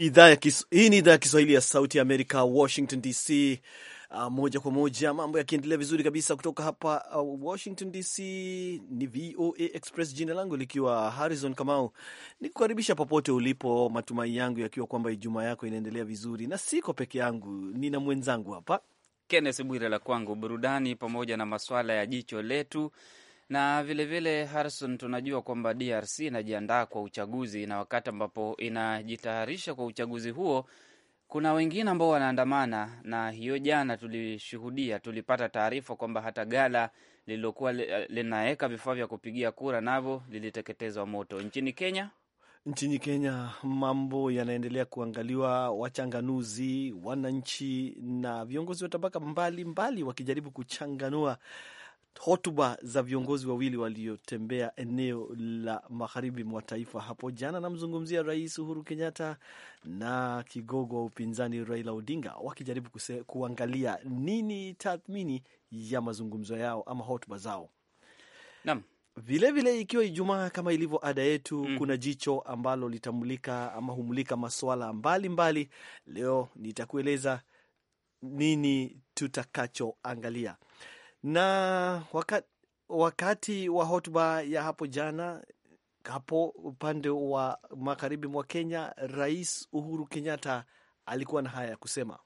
Hii ni idhaa ya Kiswahili ya Sauti ya Amerika, Washington DC. Uh, ah, moja kwa moja mambo yakiendelea vizuri kabisa kutoka hapa uh, Washington DC. Ni VOA Express, jina langu likiwa Harrison Kamau, nikukaribisha popote ulipo, matumaini yangu yakiwa kwamba Ijumaa yako inaendelea vizuri, na siko peke yangu, nina mwenzangu hapa Kenneth Bwire la kwangu, burudani pamoja na maswala ya jicho letu na vilevile Harrison, tunajua kwamba DRC inajiandaa kwa uchaguzi na wakati ambapo inajitayarisha kwa uchaguzi huo kuna wengine ambao wanaandamana, na hiyo jana tulishuhudia, tulipata taarifa kwamba hata gala lililokuwa linaweka vifaa vya kupigia kura navyo liliteketezwa moto. Nchini Kenya, nchini Kenya mambo yanaendelea kuangaliwa, wachanganuzi, wananchi na viongozi wa tabaka mbalimbali wakijaribu kuchanganua hotuba za viongozi wawili waliotembea eneo la magharibi mwa taifa hapo jana. Namzungumzia Rais Uhuru Kenyatta na kigogo wa upinzani Raila Odinga, wakijaribu kuse, kuangalia nini tathmini ya mazungumzo yao ama hotuba zao. Naam. Vilevile, ikiwa Ijumaa kama ilivyo ada yetu, mm. kuna jicho ambalo litamulika ama humulika masuala mbalimbali. Leo nitakueleza nini tutakachoangalia na wakati, wakati wa hotuba ya hapo jana hapo upande wa magharibi mwa Kenya, Rais Uhuru Kenyatta alikuwa na haya ya kusema.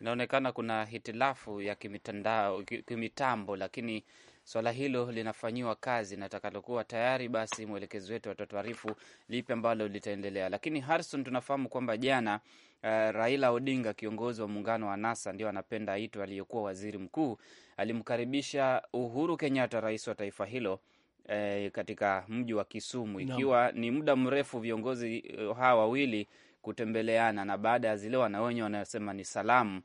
Inaonekana kuna hitilafu ya kimitandao, kimitambo, lakini Swala hilo linafanyiwa kazi na takalokuwa tayari, basi mwelekezi wetu atatuarifu lipi ambalo litaendelea. Lakini Harrison, tunafahamu kwamba jana uh, Raila Odinga, kiongozi wa muungano wa NASA ndio anapenda aitwa, aliyekuwa waziri mkuu, alimkaribisha Uhuru Kenyatta, rais wa taifa hilo E, katika mji wa Kisumu ikiwa no. ni muda mrefu viongozi eh, hawa wawili kutembeleana, na baada ya zile wanawenye wanasema ni salamu,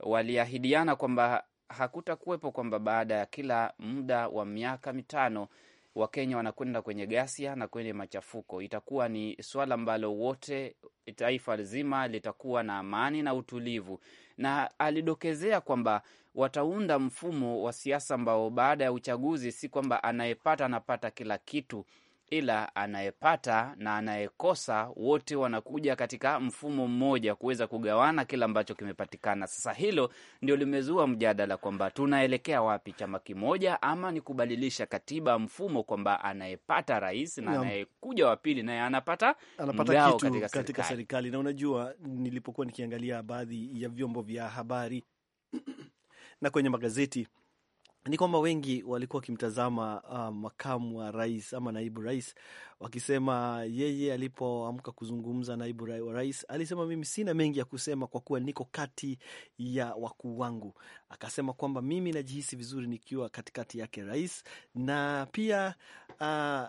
waliahidiana kwamba hakutakuwepo kwamba baada ya kila muda wa miaka mitano Wakenya wanakwenda kwenye ghasia na kwenye machafuko. Itakuwa ni swala ambalo wote taifa zima litakuwa na amani na utulivu. Na alidokezea kwamba wataunda mfumo wa siasa ambao baada ya uchaguzi si kwamba anayepata anapata kila kitu, ila anayepata na anayekosa wote wanakuja katika mfumo mmoja kuweza kugawana kile ambacho kimepatikana. Sasa hilo ndio limezua mjadala kwamba tunaelekea wapi, chama kimoja ama ni kubadilisha katiba mfumo, kwamba anayepata rais na anayekuja wa pili naye anapata, anapata mgao kitu katika, katika serikali. Na unajua nilipokuwa nikiangalia baadhi ya vyombo vya habari na kwenye magazeti ni kwamba wengi walikuwa wakimtazama uh, makamu wa rais ama naibu rais wakisema, yeye alipoamka kuzungumza, naibu wa rais alisema, mimi sina mengi ya kusema kwa kuwa niko kati ya wakuu wangu. Akasema kwamba mimi najihisi vizuri nikiwa katikati yake rais na pia uh,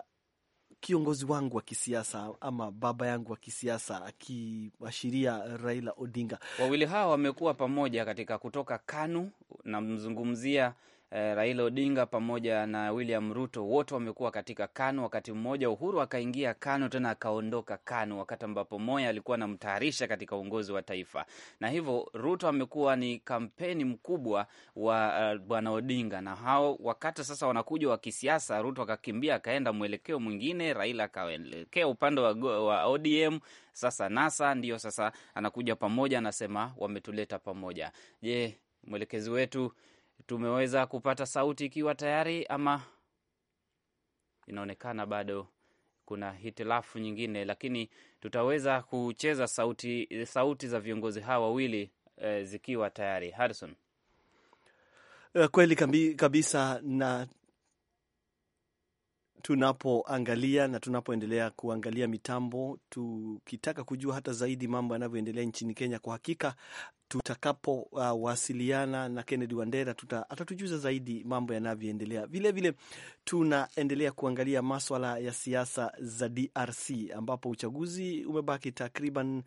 kiongozi wangu wa kisiasa ama baba yangu wa kisiasa akiashiria Raila Odinga. Wawili hawa wamekuwa pamoja katika kutoka KANU, namzungumzia eh, Raila Odinga pamoja na William Ruto wote wamekuwa katika KANU. Wakati mmoja Uhuru akaingia KANU tena akaondoka KANU, wakati ambapo Moya alikuwa anamtayarisha katika uongozi wa taifa, na hivyo Ruto amekuwa ni kampeni mkubwa wa uh, bwana Odinga, na hao wakati sasa wanakuja wa kisiasa, Ruto akakimbia akaenda mwelekeo mwingine, Raila akaelekea upande wa, wa ODM. Sasa NASA ndiyo sasa anakuja pamoja, anasema wametuleta pamoja. Je, mwelekezi wetu tumeweza kupata sauti ikiwa tayari ama inaonekana bado kuna hitilafu nyingine, lakini tutaweza kucheza sauti, sauti za viongozi hawa wawili e, zikiwa tayari Harrison. Eh, kweli kabisa na tunapoangalia na tunapoendelea kuangalia mitambo, tukitaka kujua hata zaidi mambo yanavyoendelea nchini Kenya. Kwa hakika tutakapowasiliana uh, na Kennedy Wandera atatujuza zaidi mambo yanavyoendelea. Vilevile tunaendelea kuangalia maswala ya siasa za DRC ambapo uchaguzi umebaki takriban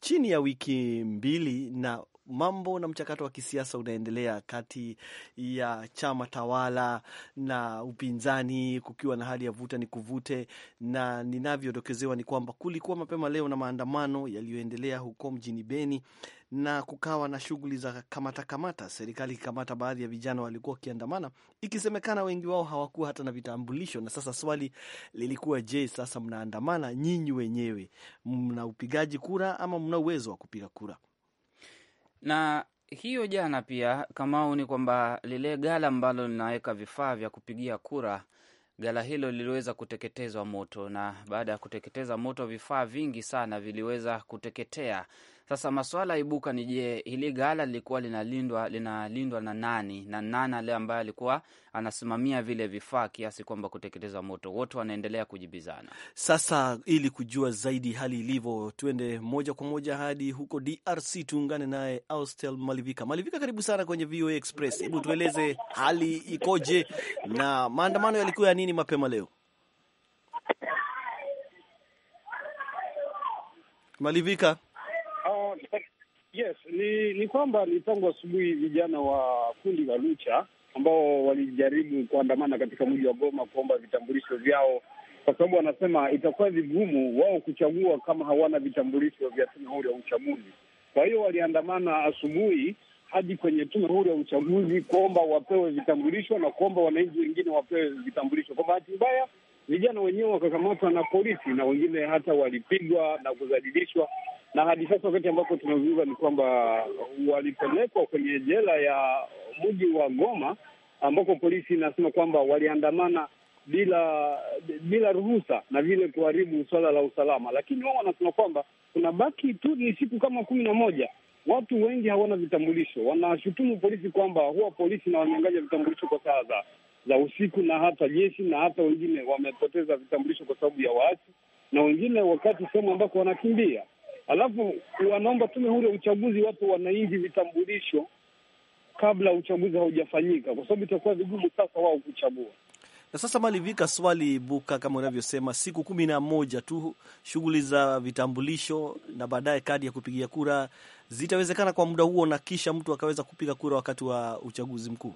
chini ya wiki mbili na mambo na mchakato wa kisiasa unaendelea kati ya chama tawala na upinzani, kukiwa na hali ya vuta ni kuvute, na ninavyodokezewa ni kwamba kulikuwa mapema leo na maandamano yaliyoendelea huko mjini Beni na kukawa na shughuli za kamata kamata, serikali ikikamata baadhi ya vijana walikuwa wakiandamana, ikisemekana wengi wao hawakuwa hata na vitambulisho. Na sasa swali lilikuwa je, sasa mnaandamana nyinyi wenyewe, mna upigaji kura ama mna uwezo wa kupiga kura? na hiyo jana pia Kamau, ni kwamba lile gala ambalo linaweka vifaa vya kupigia kura, gala hilo liliweza kuteketezwa moto, na baada ya kuteketeza moto vifaa vingi sana viliweza kuteketea, sasa maswala ibuka ni je, hili gala lilikuwa linalindwa linalindwa na nani na nani ale ambaye alikuwa anasimamia vile vifaa kiasi kwamba kuteketeza moto? Wote wanaendelea kujibizana. Sasa ili kujua zaidi hali ilivyo, tuende moja kwa moja hadi huko DRC, tuungane naye Austel Malivika. Malivika, karibu sana kwenye VOA Express. Hebu tueleze hali ikoje na maandamano yalikuwa ya nini mapema leo? Malivika. Yes, ni ni kwamba ni tangu asubuhi vijana wa kundi la Lucha ambao walijaribu kuandamana katika mji wa Goma kuomba vitambulisho vyao, kwa sababu wanasema itakuwa vigumu wao kuchagua kama hawana vitambulisho vya tume huru ya uchaguzi. Kwa hiyo waliandamana asubuhi hadi kwenye tume huru ya uchaguzi kuomba wapewe vitambulisho na kuomba wananchi wengine wapewe vitambulisho. Kwa bahati mbaya vijana wenyewe wakakamatwa na polisi na wengine hata walipigwa na kuzadilishwa na hadi sasa wakati ambapo tunazungumza ni kwamba walipelekwa kwenye jela ya mji wa Goma ambako polisi inasema kwamba waliandamana bila bila ruhusa na vile kuharibu suala la usalama, lakini wao wanasema kwamba kuna baki tu ni siku kama kumi na moja. Watu wengi hawana vitambulisho, wanashutumu polisi kwamba huwa polisi na wanyang'anya vitambulisho kwa saa za za usiku na hata jeshi na hata wengine wamepoteza vitambulisho kwa sababu ya waasi na wengine wakati sehemu ambako wanakimbia. Alafu wanaomba tume huru ya uchaguzi watu wananchi vitambulisho kabla uchaguzi haujafanyika, kwa sababu itakuwa vigumu sasa wao kuchagua. Na sasa malivika swali buka, kama unavyosema, siku kumi na moja tu shughuli za vitambulisho na baadaye kadi ya kupigia kura zitawezekana kwa muda huo, na kisha mtu akaweza kupiga kura wakati wa uchaguzi mkuu.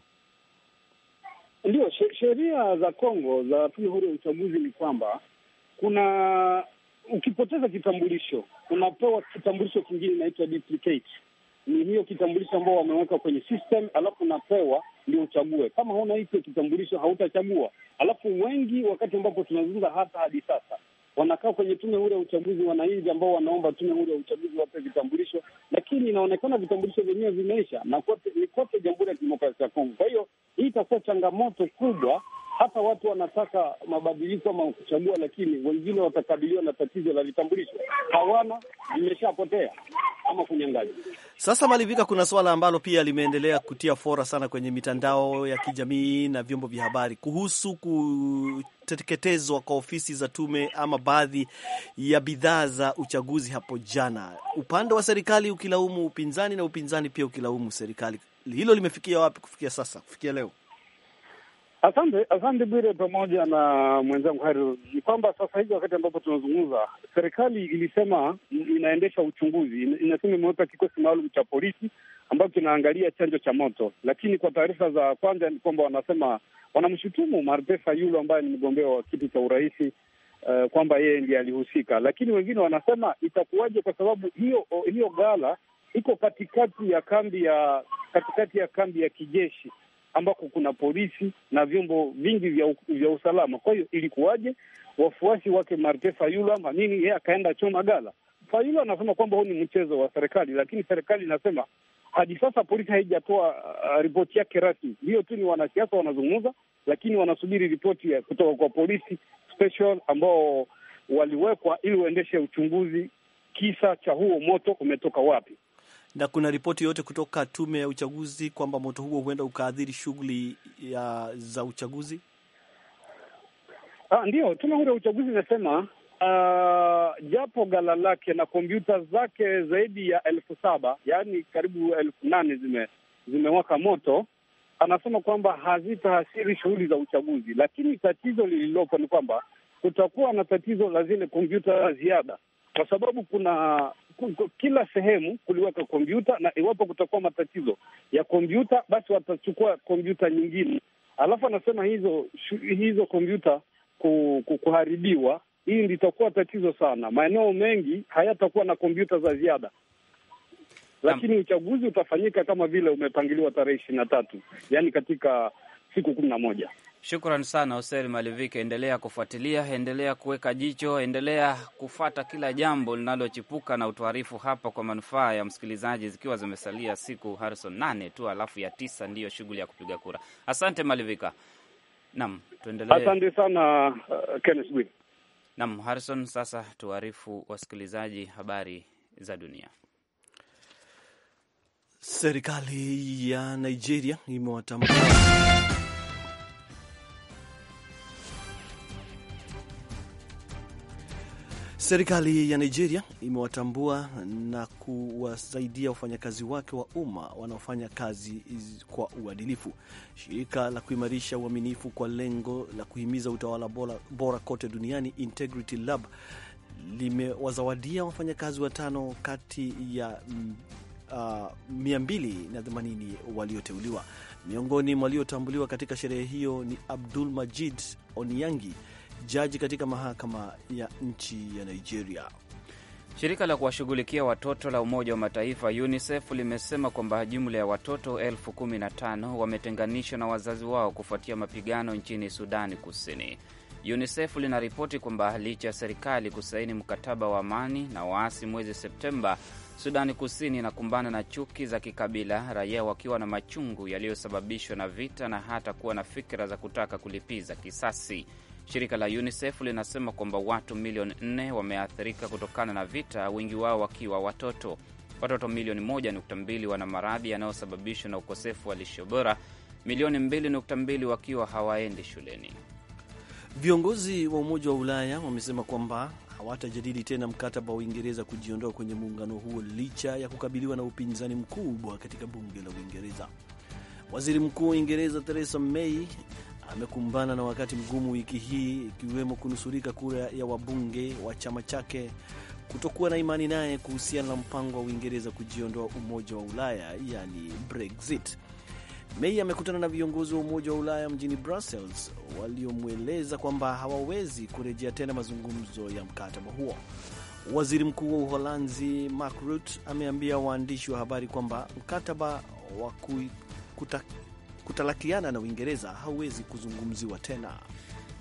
Ndio sheria za Kongo za tume huru ya uchaguzi ni kwamba kuna ukipoteza kitambulisho unapewa kitambulisho kingine, inaitwa duplicate. Ni hiyo kitambulisho ambao wameweka kwenye system, alafu unapewa ndio uchague. Kama huna hicho kitambulisho hautachagua. Alafu wengi, wakati ambapo tunazungumza hata hadi sasa, wanakaa kwenye tume huru ya uchaguzi, wananchi ambao wanaomba tume huru ya uchaguzi wape vitambulisho, lakini inaonekana vitambulisho vyenyewe vimeisha na kote, ni kote Jamhuri ya Kidemokrasia ya Kongo. Kwa hiyo hii itakuwa changamoto kubwa hata watu wanataka mabadiliko ama kuchagua, lakini wengine watakabiliwa na tatizo la vitambulisho hawana, vimeshapotea ama kunyang'anywa. Sasa Malivika, kuna swala ambalo pia limeendelea kutia fora sana kwenye mitandao ya kijamii na vyombo vya habari kuhusu kuteketezwa kwa ofisi za tume ama baadhi ya bidhaa za uchaguzi hapo jana, upande wa serikali ukilaumu upinzani na upinzani pia ukilaumu serikali. Hilo limefikia wapi kufikia sasa, kufikia leo? Asante, asante Bwire pamoja na mwenzangu Hari. Ni kwamba sasa hivi wakati ambapo tunazungumza, serikali ilisema inaendesha uchunguzi, inasema imeweka kikosi maalum cha polisi ambacho kinaangalia chanjo cha moto, lakini kwa taarifa za kwanza ni kwamba wanasema wanamshutumu Marpesa yule ambaye ni mgombea wa kiti cha urais uh, kwamba yeye ndiye alihusika, lakini wengine wanasema itakuwaje kwa sababu hiyo hiyo ghala iko katikati ya kambi ya katikati ya kambi ya kijeshi ambako kuna polisi na vyombo vingi vya, vya usalama. Kwa hiyo ilikuwaje wafuasi wake marte Fayulu ama nini, yeye akaenda choma gala? Fayulu anasema kwamba huu ni mchezo wa serikali, lakini serikali inasema hadi sasa polisi haijatoa uh, ripoti yake rasmi. Hiyo tu ni wanasiasa wanazungumza, lakini wanasubiri ripoti kutoka kwa polisi special ambao waliwekwa ili uendeshe uchunguzi, kisa cha huo moto umetoka wapi. Na kuna ripoti yoyote kutoka tume ya uchaguzi kwamba moto huo huenda ukaathiri shughuli za uchaguzi? Ah, ndio, tume huru ya uchaguzi inasema uh, ah, japo gala lake na kompyuta zake zaidi ya elfu saba yaani karibu elfu nane zime zimewaka moto, anasema kwamba hazitaathiri shughuli za uchaguzi, lakini tatizo lililopo ni kwamba kutakuwa na tatizo la zile kompyuta za ziada, kwa sababu kuna kila sehemu kuliweka kompyuta, na iwapo kutakuwa matatizo ya kompyuta, basi watachukua kompyuta nyingine. Alafu anasema hizo hizo kompyuta kuharibiwa, hii litakuwa tatizo sana. Maeneo mengi hayatakuwa na kompyuta za ziada lakini uchaguzi utafanyika kama vile umepangiliwa tarehe ishirini na tatu yaani katika siku kumi na moja. Shukran sana Hoseri Malivika, endelea kufuatilia, endelea kuweka jicho, endelea kufata kila jambo linalochipuka na utuarifu hapa kwa manufaa ya msikilizaji, zikiwa zimesalia siku Harrison nane tu, alafu ya tisa ndiyo shughuli ya kupiga kura. Asante Malivika. Naam, tuendelee. Asante sana uh, Kenneth Bwin. Naam, Harrison, sasa tuarifu wasikilizaji habari za dunia. Serikali ya Nigeria imewatambua Serikali ya Nigeria imewatambua na kuwasaidia wafanyakazi wake wa umma wanaofanya kazi kwa uadilifu. Shirika la kuimarisha uaminifu kwa lengo la kuhimiza utawala bora, bora kote duniani Integrity Lab limewazawadia wafanyakazi watano kati ya Uh, mm, ah, 280 walioteuliwa. Miongoni mwa waliotambuliwa katika sherehe hiyo ni Abdul Majid oniangi jaji katika mahakama ya nchi ya Nigeria. Shirika la kuwashughulikia watoto la Umoja wa Mataifa UNICEF limesema kwamba jumla ya watoto elfu kumi na tano wametenganishwa na wazazi wao kufuatia mapigano nchini Sudani Kusini. UNICEF linaripoti kwamba licha ya serikali kusaini mkataba wa amani na waasi mwezi Septemba, Sudani Kusini inakumbana na chuki za kikabila, raia wakiwa na machungu yaliyosababishwa na vita na hata kuwa na fikra za kutaka kulipiza kisasi. Shirika la UNICEF linasema kwamba watu milioni nne wameathirika kutokana na vita, wengi wao wakiwa watoto. Watoto milioni moja nukta mbili wana maradhi yanayosababishwa na ukosefu wa lishe bora, milioni mbili nukta mbili wakiwa hawaendi shuleni. Viongozi wa Umoja wa Ulaya wamesema kwamba hawatajadili tena mkataba wa Uingereza kujiondoa kwenye muungano huo licha ya kukabiliwa na upinzani mkubwa katika bunge la Uingereza. Waziri Mkuu wa Uingereza Theresa May amekumbana na wakati mgumu wiki hii ikiwemo kunusurika kura ya wabunge wa chama chake kutokuwa na imani naye kuhusiana na mpango wa Uingereza kujiondoa Umoja wa Ulaya, yani Brexit. Mei amekutana na viongozi wa Umoja wa Ulaya mjini Brussels waliomweleza kwamba hawawezi kurejea tena mazungumzo ya mkataba huo. Waziri Mkuu wa Uholanzi Mark Rutte ameambia waandishi wa habari kwamba mkataba wa kutalakiana na Uingereza hauwezi kuzungumziwa tena.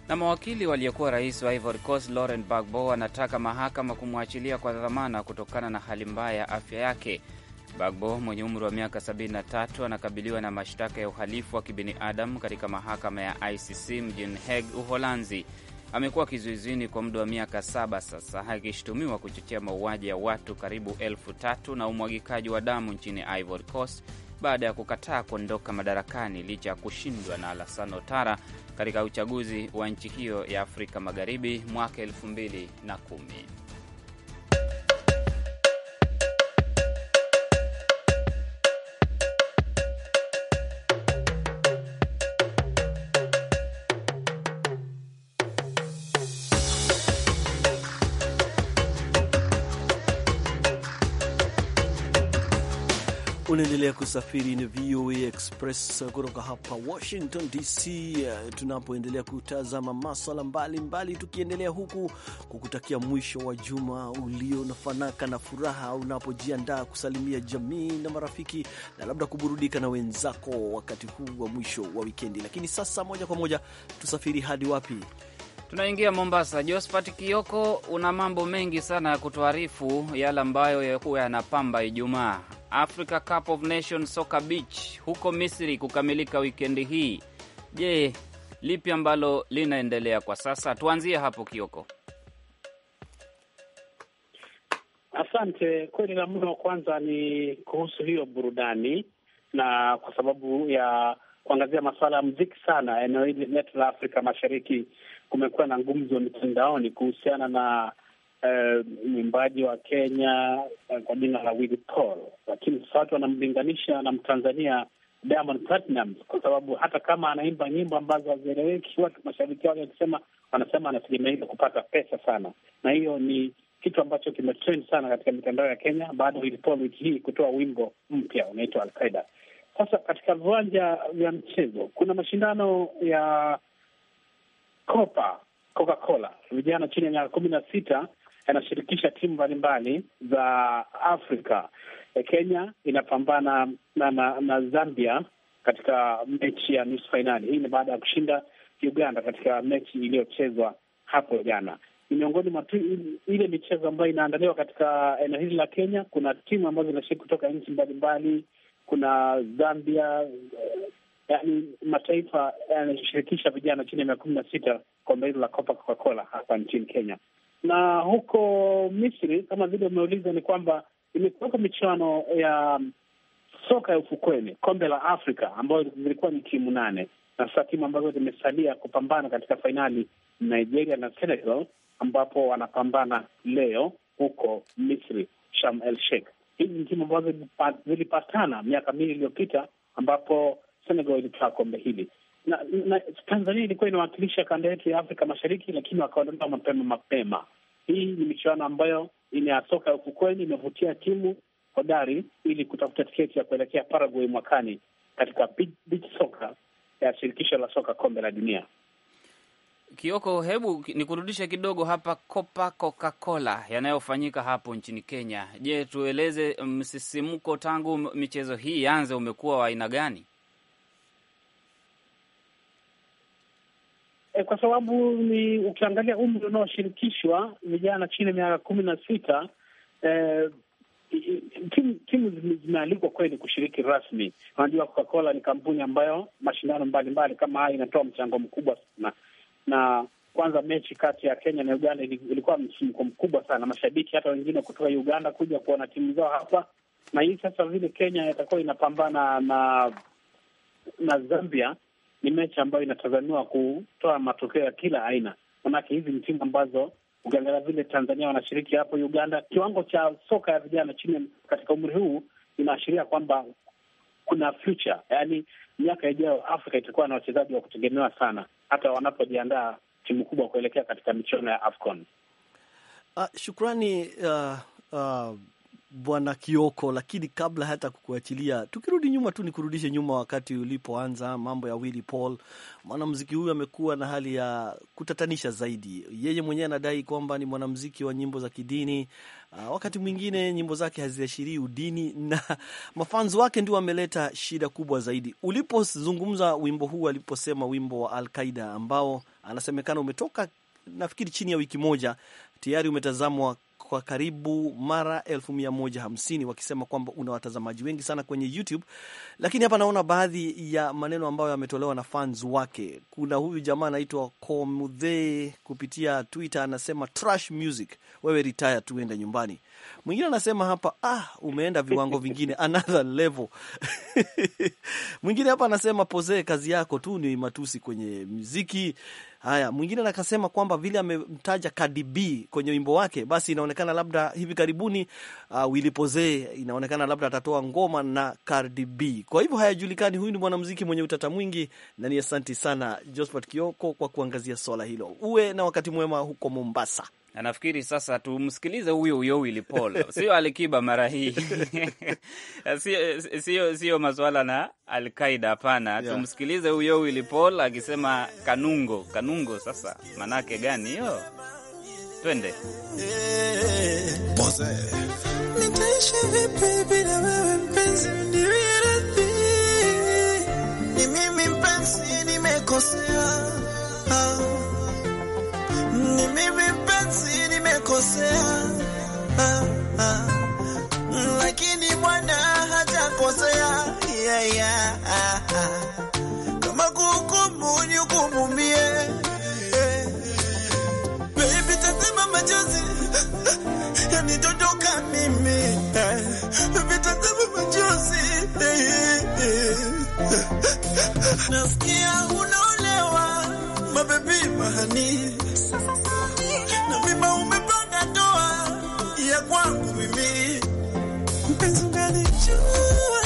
Na mawakili waliokuwa rais wa Ivory Coast Laurent Gbagbo anataka mahakama kumwachilia kwa dhamana kutokana na hali mbaya ya afya yake. Bagbo mwenye umri wa miaka 73 anakabiliwa na mashtaka ya uhalifu wa kibinadamu katika mahakama ya ICC mjini Hague, Uholanzi. Amekuwa kizuizini kwa muda wa miaka saba sasa, akishutumiwa kuchochea mauaji ya watu karibu elfu tatu na umwagikaji wa damu nchini Ivory Coast baada ya kukataa kuondoka madarakani licha ya kushindwa na Alasan Otara katika uchaguzi wa nchi hiyo ya Afrika Magharibi mwaka 2010. Unaendelea kusafiri ni VOA Express kutoka hapa Washington DC, tunapoendelea kutazama maswala mbalimbali, tukiendelea huku kukutakia mwisho wa juma ulio na fanaka na furaha, unapojiandaa kusalimia jamii na marafiki na labda kuburudika na wenzako wakati huu wa mwisho wa wikendi. Lakini sasa moja kwa moja tusafiri hadi wapi? Tunaingia Mombasa. Josphat Kioko, una mambo mengi sana ya kutuarifu, yale ambayo yakuwa yanapamba Ijumaa. Africa Cup of Nations Soccer Beach huko Misri kukamilika wikendi hii. Je, lipi ambalo linaendelea kwa sasa? Tuanzie hapo Kioko. Asante. Kweli la muno wa kwanza ni kuhusu hiyo burudani, na kwa sababu ya kuangazia masuala ya mziki sana eneo hili letu la Afrika Mashariki kumekuwa na ngumzo mitandaoni kuhusiana na eh, mwimbaji uh, wa Kenya uh, kwa jina la Willy Paul, lakini sasa watu wanamlinganisha na Mtanzania Diamond Platnumz kwa sababu hata kama anaimba nyimbo ambazo hazieleweki, watu mashabiki wake wakisema, wanasema anategemea kupata pesa sana, na hiyo ni kitu ambacho kimetrend sana katika mitandao ya Kenya baada ya Willy Paul wiki hii kutoa wimbo mpya unaitwa Alkaida. Sasa katika viwanja vya mchezo kuna mashindano ya Copa Coca-Cola, vijana chini ya miaka kumi na sita yanashirikisha timu mbalimbali za Afrika. Eh, Kenya inapambana na, na, na Zambia katika mechi ya nusu fainali. Hii ni baada ya kushinda Uganda katika mechi iliyochezwa hapo jana. Ni miongoni mwa ile michezo ambayo inaandaliwa katika eneo hili la Kenya. Kuna timu ambazo zinashiriki kutoka nchi mbalimbali, kuna Zambia, yani mataifa yanashirikisha vijana chini ya mia kumi na sita kombe hilo la Copa Coca-Cola hapa nchini Kenya. Na huko Misri, kama vile umeuliza, ni kwamba imekuweko michuano ya soka ya ufukweni, kombe la Afrika ambayo zilikuwa ni timu nane, na sasa timu ambazo zimesalia kupambana katika fainali Nigeria na Senegal, ambapo wanapambana leo huko Misri, Sharm El Sheikh. Hizi ni timu ambazo zilipatana miaka mingi iliyopita ambapo Senegal ilitwaa kombe hili na, na Tanzania ilikuwa inawakilisha kanda yetu ya Afrika Mashariki, lakini wakaondoka mapema mapema. Hii ni michuano ambayo ina ya soka ya ukweli, imevutia timu hodari ili kutafuta tiketi ya kuelekea Paraguay mwakani katika beach soka ya shirikisho la soka kombe la dunia. Kioko, hebu nikurudishe kidogo hapa Copa Coca-Cola yanayofanyika hapo nchini Kenya. Je, tueleze msisimko tangu michezo hii anze umekuwa wa aina gani? e, kwa sababu ni ukiangalia umri unaoshirikishwa vijana chini ya miaka kumi na sita e, timu tim zimealikwa kweli kushiriki rasmi. Unajua, Coca-Cola ni kampuni ambayo mashindano mbalimbali kama haya inatoa mchango mkubwa sana, na kwanza mechi kati ya Kenya na Uganda ilikuwa msimko mkubwa sana, mashabiki hata wengine kutoka Uganda kuja kuona timu zao hapa. Na hii sasa vile Kenya itakuwa inapambana na na Zambia, ni mechi ambayo inatazamiwa kutoa matokeo ya kila aina, manake hizi ni timu ambazo ukiangalia vile Tanzania wanashiriki hapo Uganda, kiwango cha soka ya vijana chini katika umri huu inaashiria kwamba kuna future, yaani miaka ijayo Afrika itakuwa na wachezaji wa kutegemewa sana, hata wanapojiandaa timu kubwa kuelekea katika michuano ya AFCON. Uh, shukrani uh, uh, Bwana Kioko, lakini kabla hata kukuachilia, tukirudi nyuma tu nikurudishe nyuma wakati ulipoanza mambo ya Willy Paul. Mwanamziki huyu amekuwa na hali ya kutatanisha zaidi. Yeye mwenyewe anadai kwamba ni mwanamziki wa nyimbo za kidini, ah, wakati mwingine nyimbo zake haziashirii udini, na mafanzi wake ndio wameleta shida kubwa zaidi. Ulipozungumza wimbo huu, aliposema wimbo wa Al-Qaida ambao anasemekana umetoka nafikiri chini ya wiki moja tayari umetazamwa kwa karibu mara 150 wakisema kwamba una watazamaji wengi sana kwenye YouTube. Lakini hapa naona baadhi ya maneno ambayo yametolewa na fans wake. Kuna huyu jamaa anaitwa Komudhe kupitia Twitter anasema trash music, wewe retire, tuende nyumbani. Mwingine anasema hapa, ah, umeenda viwango vingine another level mwingine hapa anasema posee, kazi yako tu ni matusi kwenye muziki. Haya, mwingine nakasema kwamba vile amemtaja Cardi B kwenye wimbo wake, basi inaonekana labda hivi karibuni uh, Willy inaonekana labda atatoa ngoma na Cardi B. Kwa hivyo hayajulikani, huyu ni mwanamuziki mwenye utata mwingi, na ni asanti sana Josephat Kioko kwa kuangazia swala hilo. Uwe na wakati mwema huko Mombasa na nafikiri sasa tumsikilize huyo huyo Willy Paul, sio Alikiba mara hii sio, sio, sio maswala na Alqaida, hapana yeah. Tumsikilize huyo Willy Paul akisema kanungo kanungo. Sasa manake gani hiyo? Twende ni mimi mpenzi, nimekosea ah, ah. Lakini yeah, yeah, ah, ah. Kama kuhukumu ni hukumu mie Baby tazama mimi Baby tazama Nasikia uno my baby, Na mimba umepanga ndoa ya kwangu mimi, mpenzi unanijua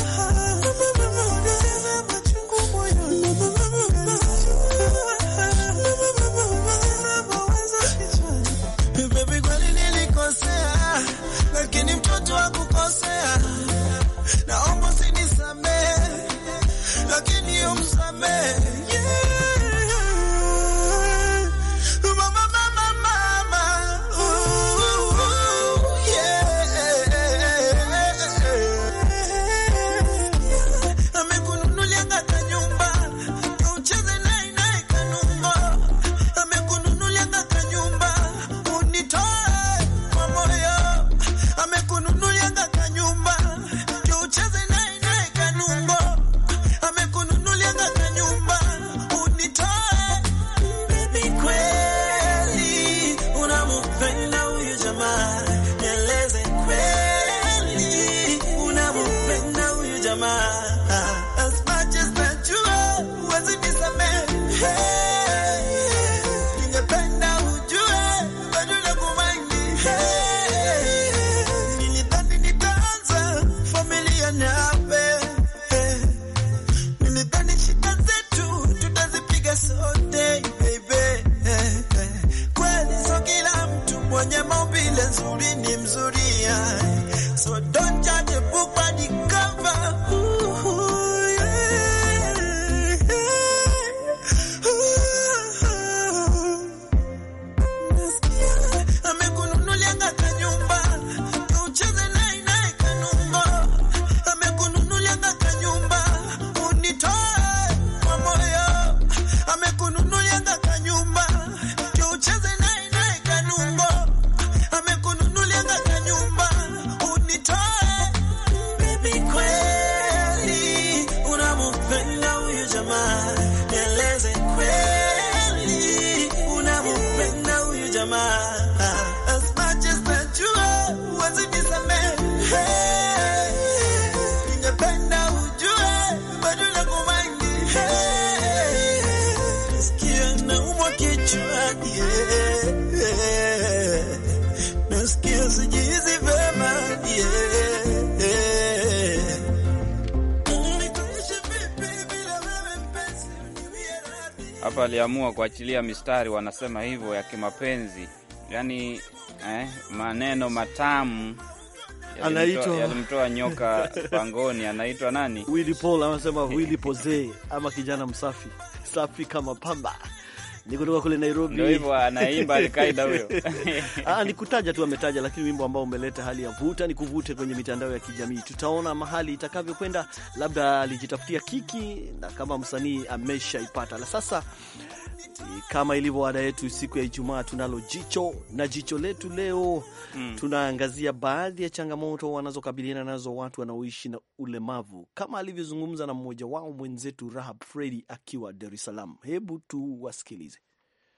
Hapa aliamua kuachilia mistari, wanasema hivyo ya kimapenzi yani eh, maneno matamu anaitwa alimtoa nyoka pangoni, anaitwa nani? Willy Paul anasema Willy Pose ama kijana msafi safi kama pamba ni kutoka kule Nairobi. Ndio hivyo anaimba alikaida huyo. Ah, nikutaja tu ametaja, lakini wimbo ambao umeleta hali ya vuta ni kuvute kwenye mitandao ya kijamii. Tutaona mahali itakavyokwenda, labda alijitafutia kiki na kama msanii ameshaipata. Na sasa kama ilivyo ada yetu siku ya Ijumaa tunalo jicho na jicho letu leo mm, tunaangazia baadhi ya changamoto wanazokabiliana nazo watu wanaoishi na ulemavu, kama alivyozungumza na mmoja wao mwenzetu Rahab Fredi akiwa Dar es Salaam. Hebu tuwasikilize.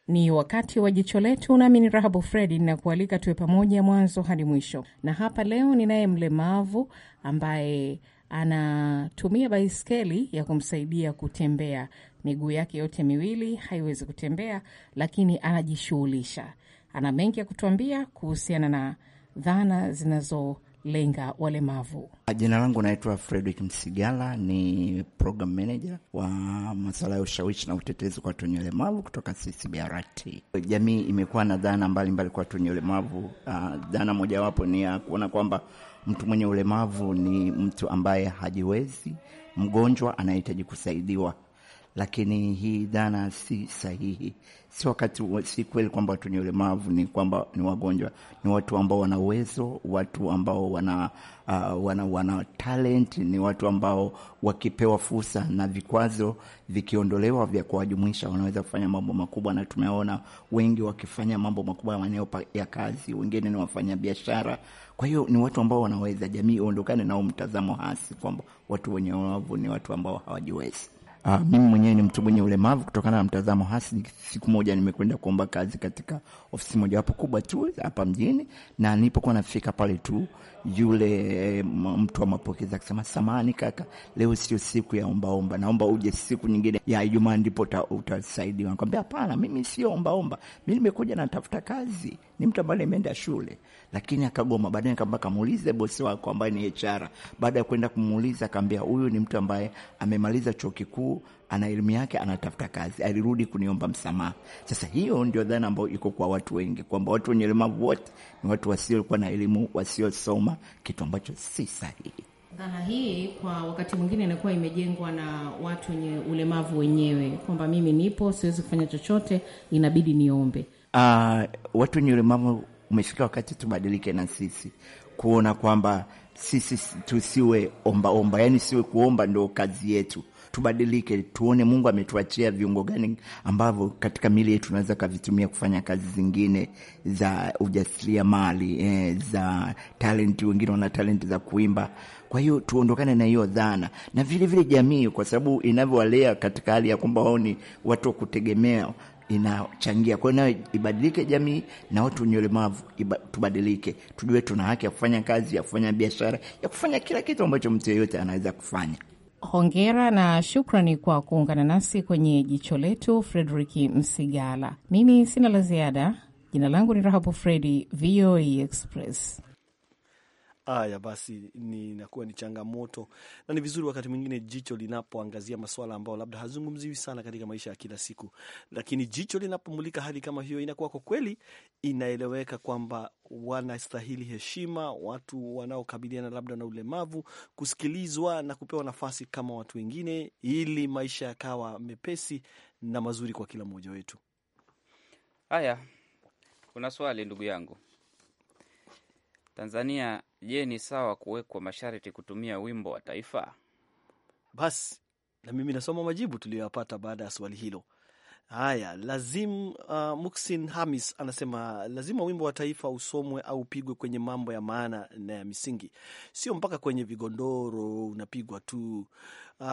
Ni wakati wa jicho letu, nami ni Rahabu Fredi, ninakualika tuwe pamoja mwanzo hadi mwisho. Na hapa leo ninaye mlemavu ambaye anatumia baiskeli ya kumsaidia kutembea miguu yake yote miwili haiwezi kutembea, lakini anajishughulisha. Ana mengi ya kutuambia kuhusiana na dhana zinazolenga walemavu. Jina langu naitwa Fredrick Msigala, ni program manager wa masuala ya ushawishi na utetezi kwa watu wenye ulemavu kutoka CCBRT. Jamii imekuwa na dhana mbalimbali kwa watu wenye ulemavu. Uh, dhana mojawapo ni ya kuona kwamba mtu mwenye ulemavu ni mtu ambaye hajiwezi, mgonjwa anahitaji kusaidiwa lakini hii dhana si sahihi. Si wakati, si kweli kwamba watu wenye ulemavu ni kwamba ni wagonjwa, ni watu ambao wana uwezo, watu ambao wana, uh, wana, wana talent, ni watu ambao wakipewa fursa na vikwazo vikiondolewa vya kuwajumuisha wanaweza kufanya mambo makubwa, na tumeona wengi wakifanya mambo makubwa maeneo ya kazi, wengine ni wafanya biashara Kwa hiyo ni watu ambao wanaweza, jamii iondokane nao mtazamo hasi kwamba watu wenye ulemavu ni watu ambao hawajiwezi. Uh, mimi mwenyewe ni mtu mwenye ulemavu kutokana na mtazamo hasi. Siku moja nimekwenda kuomba kazi katika ofisi mojawapo kubwa tu hapa mjini, na nilipokuwa nafika pale tu yule mtu wa mapokezi akisema, samani kaka, leo sio siku ya ombaomba, naomba uje siku nyingine ya Ijumaa ndipo utasaidiwa. Nikamwambia hapana, mimi sio ombaomba, mi nimekuja natafuta kazi, ni mtu ambaye nimeenda shule lakini akagoma. Baadaye kamba kamuulize bosi wako ambaye ni HR. Baada ya kwenda kumuuliza, akaambia huyu ni mtu ambaye amemaliza chuo kikuu, ana elimu yake, anatafuta kazi. Alirudi kuniomba msamaha. Sasa hiyo ndio dhana ambayo iko kwa watu wengi kwamba watu wenye ulemavu wote ni watu wasiokuwa na elimu, wasiosoma, kitu ambacho si sahihi. Dhana hii kwa wakati mwingine inakuwa imejengwa na watu wenye ulemavu wenyewe, kwamba mimi nipo, siwezi kufanya chochote, inabidi niombe. Uh, watu wenye ulemavu umefika wakati tubadilike na sisi kuona kwamba sisi tusiwe ombaomba Yani siwe kuomba ndo kazi yetu, tubadilike, tuone Mungu ametuachia viungo gani ambavyo katika mili yetu tunaweza kavitumia kufanya kazi zingine za ujasiriamali eh, za talenti. Wengine wana talenti za kuimba. Kwa hiyo tuondokane na hiyo dhana, na vilevile jamii, kwa sababu inavyowalea katika hali ya kwamba wao ni watu wa kutegemea inachangia. kwao, nayo ibadilike jamii na watu wenye ulemavu tubadilike, tujue tuna haki ya kufanya kazi, ya kufanya biashara, ya kufanya kila kitu ambacho mtu yeyote anaweza kufanya. Hongera na shukrani kwa kuungana nasi kwenye jicho letu, Frederik Msigala. Mimi sina la ziada. Jina langu ni Rahabu Fredi, VOA e Express haya basi inakuwa ni changamoto, na ni vizuri wakati mwingine jicho linapoangazia masuala ambayo labda hazungumziwi sana katika maisha ya kila siku, lakini jicho linapomulika hali kama hiyo, inakuwa kwa kweli inaeleweka kwamba wanastahili heshima watu wanaokabiliana labda na ulemavu, kusikilizwa na kupewa nafasi kama watu wengine, ili maisha yakawa mepesi na mazuri kwa kila mmoja wetu. Haya, kuna swali ndugu yangu. Tanzania. Je, ni sawa kuwekwa masharti kutumia wimbo wa taifa? Basi na mimi nasoma majibu tuliyoyapata baada ya swali hilo. Haya, lazim uh, Muksin Hamis anasema lazima wimbo wa taifa usomwe au upigwe kwenye mambo ya maana na ya misingi, sio mpaka kwenye vigondoro unapigwa tu. Uh,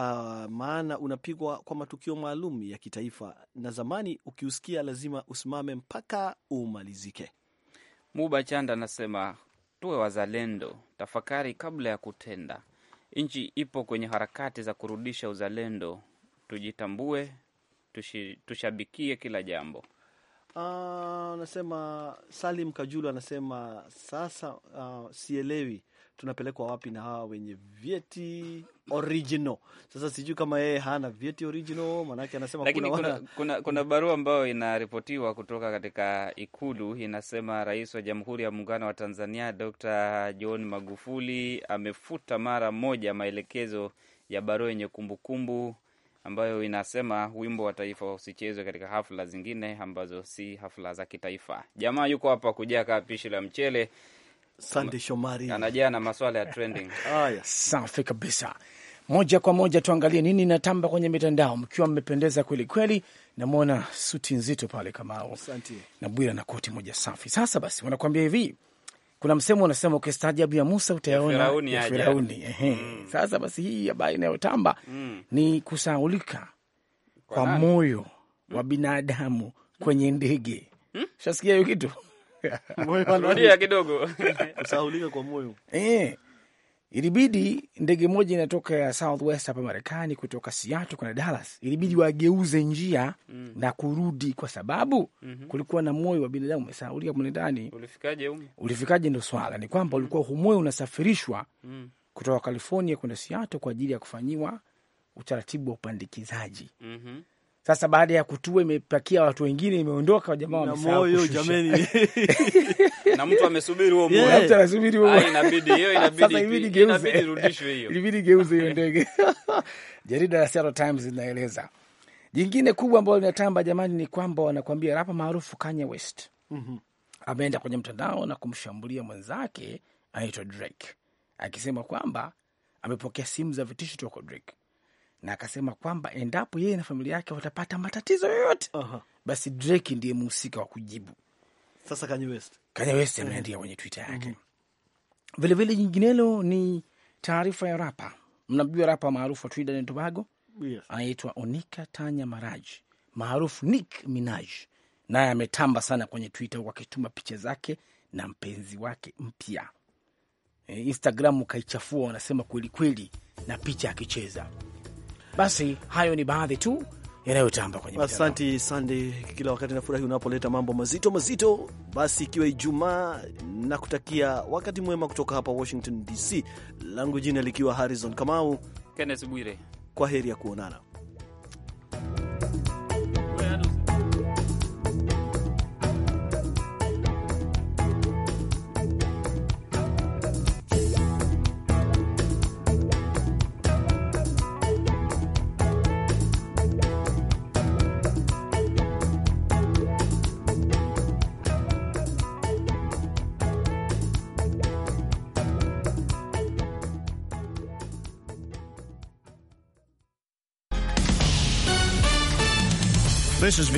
maana unapigwa kwa matukio maalum ya kitaifa, na zamani ukiusikia lazima usimame mpaka umalizike. Muba Chanda anasema Tuwe wazalendo, tafakari kabla ya kutenda. Nchi ipo kwenye harakati za kurudisha uzalendo, tujitambue, tushi, tushabikie kila jambo. Anasema ah, uh, Salim Kajulu anasema sasa, uh, sielewi tunapelekwa wapi na hawa wenye vyeti original? Sasa sijui kama yeye hana vyeti original, maanake anasema lakini kuna, wana... kuna, kuna barua ambayo inaripotiwa kutoka katika Ikulu inasema Rais wa Jamhuri ya Muungano wa Tanzania Dr. John Magufuli amefuta mara moja maelekezo ya barua yenye kumbukumbu ambayo inasema wimbo wa taifa usichezwe katika hafla zingine ambazo si hafla za kitaifa. Jamaa yuko hapa kujaka pishi la mchele Sande Shomari anajaa na maswala ya trending. Haya, safi kabisa. Moja kwa moja tuangalie nini natamba kwenye mitandao, mkiwa mmependeza kweli kweli. Namwona suti nzito pale Kamao na Bwira na koti moja safi. Sasa basi, wanakuambia hivi, kuna msemo unasema ukistaajabu ya Musa utayaona ya Firauni. Mm. Sasa basi, hii habari inayotamba mm. ni kusaulika kwa, moyo wa mm. binadamu kwenye ndege. Hmm? Shasikia hiyo kitu rudia kidogo kwa moyo eh. Ilibidi ndege moja inatoka ya Southwest hapa Marekani, kutoka Seattle kwenda Dallas, ilibidi wageuze njia mm. na kurudi kwa sababu mm -hmm. kulikuwa na moyo wa binadamu umesahaulika mle ndani. Ulifikaje huko? Ulifikaje ndo swala ni kwamba mm ulikuwa humoyo unasafirishwa mm. kutoka California kwenda Seattle kwa ajili ya kufanyiwa utaratibu wa upandikizaji mm -hmm. Sasa baada ya kutua imepakia watu wengine, imeondoka jamaa wamesahau jamani, na mtu amesubiri huo moyo, mtu anasubiri huo, ah, inabidi hiyo, inabidi inabidi rudishwe hiyo, inabidi geuze hiyo ndege. Jarida la Seattle Times linaeleza jingine kubwa ambalo linatamba jamani, ni kwamba wanakuambia rapa maarufu Kanye West mm -hmm. ameenda kwenye mtandao na kumshambulia mwenzake anaitwa Drake akisema kwamba amepokea simu za vitisho Drake na akasema kwamba endapo yeye na familia yake watapata matatizo yoyote uh -huh. basi Drake ndiye mhusika wa kujibu. Sasa Kanye West, Kanye West ameandika kwenye Twitter yake vilevile mhm. nyinginelo ni taarifa ya rapa, mnamjua rapa maarufu wa Trinidad and Tobago yes. anaitwa Onika Tanya Maraj maarufu Nick Minaj, naye ametamba sana kwenye Twitter huku akituma picha zake na mpenzi wake mpya. Eh, Instagram ukaichafua wanasema kwelikweli, na picha akicheza basi hayo ni baadhi tu yanayotamba kwenye mitandao. Asante Sande, kila wakati nafurahi unapoleta mambo mazito mazito. Basi ikiwa Ijumaa, na kutakia wakati mwema kutoka hapa Washington DC, langu jina likiwa Harrison Kamau, Kenneth Bwire, kwa heri ya kuonana. versus